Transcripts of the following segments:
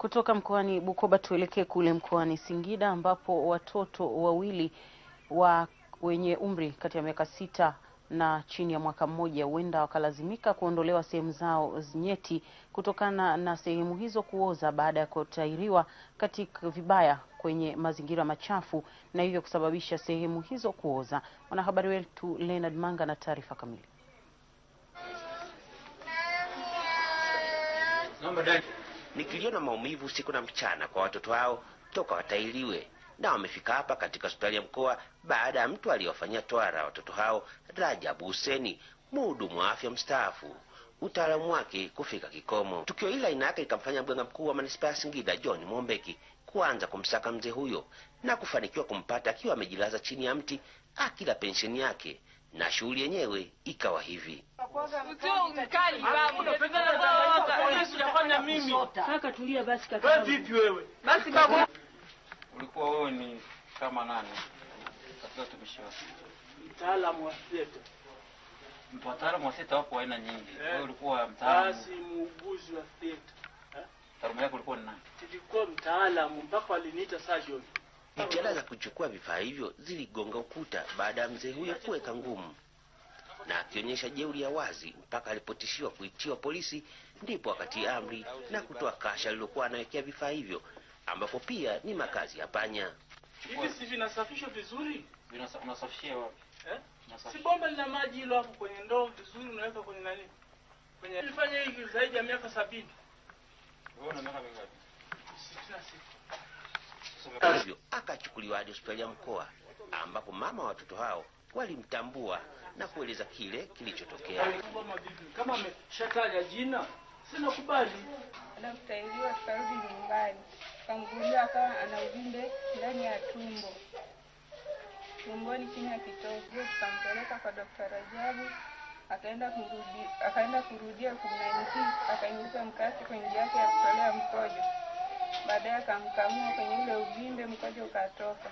Kutoka mkoani Bukoba tuelekee kule mkoani Singida ambapo watoto wawili wa wenye umri kati ya miaka sita na chini ya mwaka mmoja huenda wakalazimika kuondolewa sehemu zao nyeti kutokana na sehemu hizo kuoza baada ya kutairiwa katika vibaya kwenye mazingira machafu na hivyo kusababisha sehemu hizo kuoza. Mwanahabari wetu Leonard Manga na taarifa kamili ni kilio na maumivu siku na mchana kwa watoto hao toka watailiwe na wamefika hapa katika hospitali ya mkoa baada ya mtu aliyewafanyia twara watoto hao Rajabu Huseni, mhudumu wa afya mstaafu, utaalamu wake kufika kikomo. Tukio hili aina yake likamfanya mganga mkuu wa manispaa ya Singida John Mombeki kuanza kumsaka mzee huyo na kufanikiwa kumpata akiwa amejilaza chini ya mti akila pensheni yake na shughuli yenyewe ikawa hivi. ulikuwa wewe ni kama nani katika utumishi wako? Mtaalamu wa wa wapo aina nyingi. Eh. Wewe ulikuwa mtaalamu. Basi muuguzi wa eh? Taaluma yako ulikuwa ni nani? Nilikuwa mtaalamu mpaka surgeon. Jitihada za kuchukua vifaa hivyo ziligonga ukuta baada ya mzee huyo kuweka ngumu na akionyesha jeuri ya wazi mpaka alipotishiwa kuitiwa polisi, ndipo akati amri na kutoa kasha lilokuwa anawekea vifaa hivyo, ambapo pia ni makazi ya panya. Hivi si vinasafishwa vizuri? Unasafishia wapi? Eh? Si bomba lina maji hilo hapo kwenye ndoo vizuri unaweka kwenye nani? Kwenye nilifanya hivi zaidi ya miaka sabini. Wewe una miaka mingapi? 66 hivyo akachukuliwa hadi hospitali ya mkoa ambapo mama wa watoto hao walimtambua na kueleza kile kilichotokea. Kama ameshataja jina, sina kubali. Anamsaidiwa sarudi nyumbani, kamgulia akawa ana uvimbe ndani ya tumbo, tumboni chini ya kitovu. Tukampeleka kwa Dokta Rajabu, akaenda kurudia kumnanihii, akaingiza mkasi kwenye njia yake ya kutolea mkojo baadaye akamkamua kwenye ule uvimbe, mkojo ukatoka.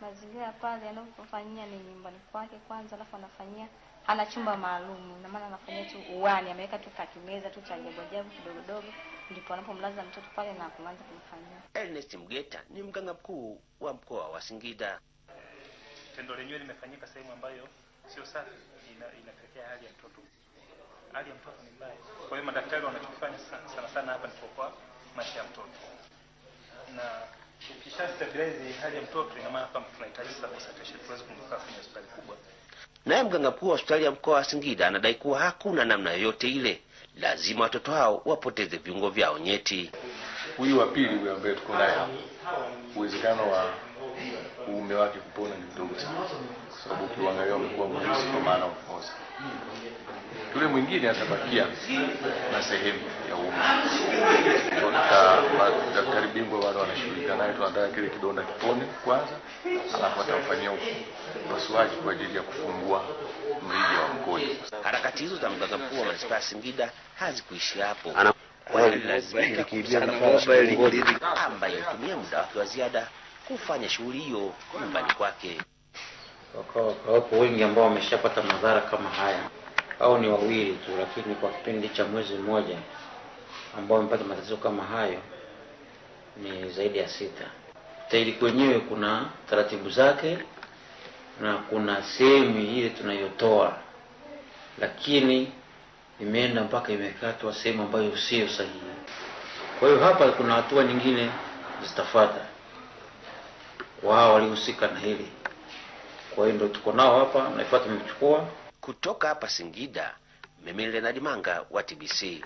Mazingira pale anapofanyia ni nyumbani kwake kwanza, alafu anafanyia ana chumba maalum, na maana anafanyia tu uani, ameweka tu kakimeza tu cha ajabu ajabu kidogo dogo, ndipo anapomlaza mtoto pale na kuanza kumfanyia. Ernest Mgeta ni mganga mkuu wa mkoa wa Singida. E, Tendo lenyewe limefanyika sehemu ambayo sio safi, inapelekea ina hali ya mtoto hali ya mtoto ni mbaya. Kwa hiyo madaktari wanachofanya sana sana hapa ni kuokoa maisha ya mtoto na ukisha stabilize hali ya mtoto, ina maana kwamba tunahitaji sasa concentration, tuweze kumweka kwenye hospitali kubwa. Naye mganga mkuu wa hospitali ya mkoa wa Singida anadai kuwa hakuna namna yoyote ile, lazima watoto hao wapoteze viungo vyao nyeti. Huyu wa pili, huyu ambaye tuko naye, uwezekano wa uume wake kupona ni mdogo sana, kwa sababu ukiangalia amekuwa mweusi kwa maana ukoza mwingine atabakia na sehemu ya umma. Daktari bingwa bado anashughulika naye, tunaandaa kile kidonda kipone kwanza, alafu atamfanyia upasuaji kwa ajili ya kufungua mrija wa mkojo. Harakati hizo za mganga mkuu wa manispaa ya Singida hazikuishi hapo, ambaye alitumia muda wake wa ziada kufanya shughuli hiyo nyumbani kwake. Wako wengi ambao wameshapata madhara kama haya au ni wawili tu, lakini kwa kipindi cha mwezi mmoja ambao amepata matatizo kama hayo ni zaidi ya sita. Tairi kwenyewe kuna taratibu zake na kuna sehemu ile tunayotoa, lakini imeenda mpaka imekatwa sehemu ambayo sio sahihi. Kwa hiyo hapa kuna hatua nyingine zitafata, wao walihusika na hili. Kwa hiyo ndio tuko nao hapa, naifuata mechukua kutoka hapa Singida, mimi Lenadi Manga wa TBC.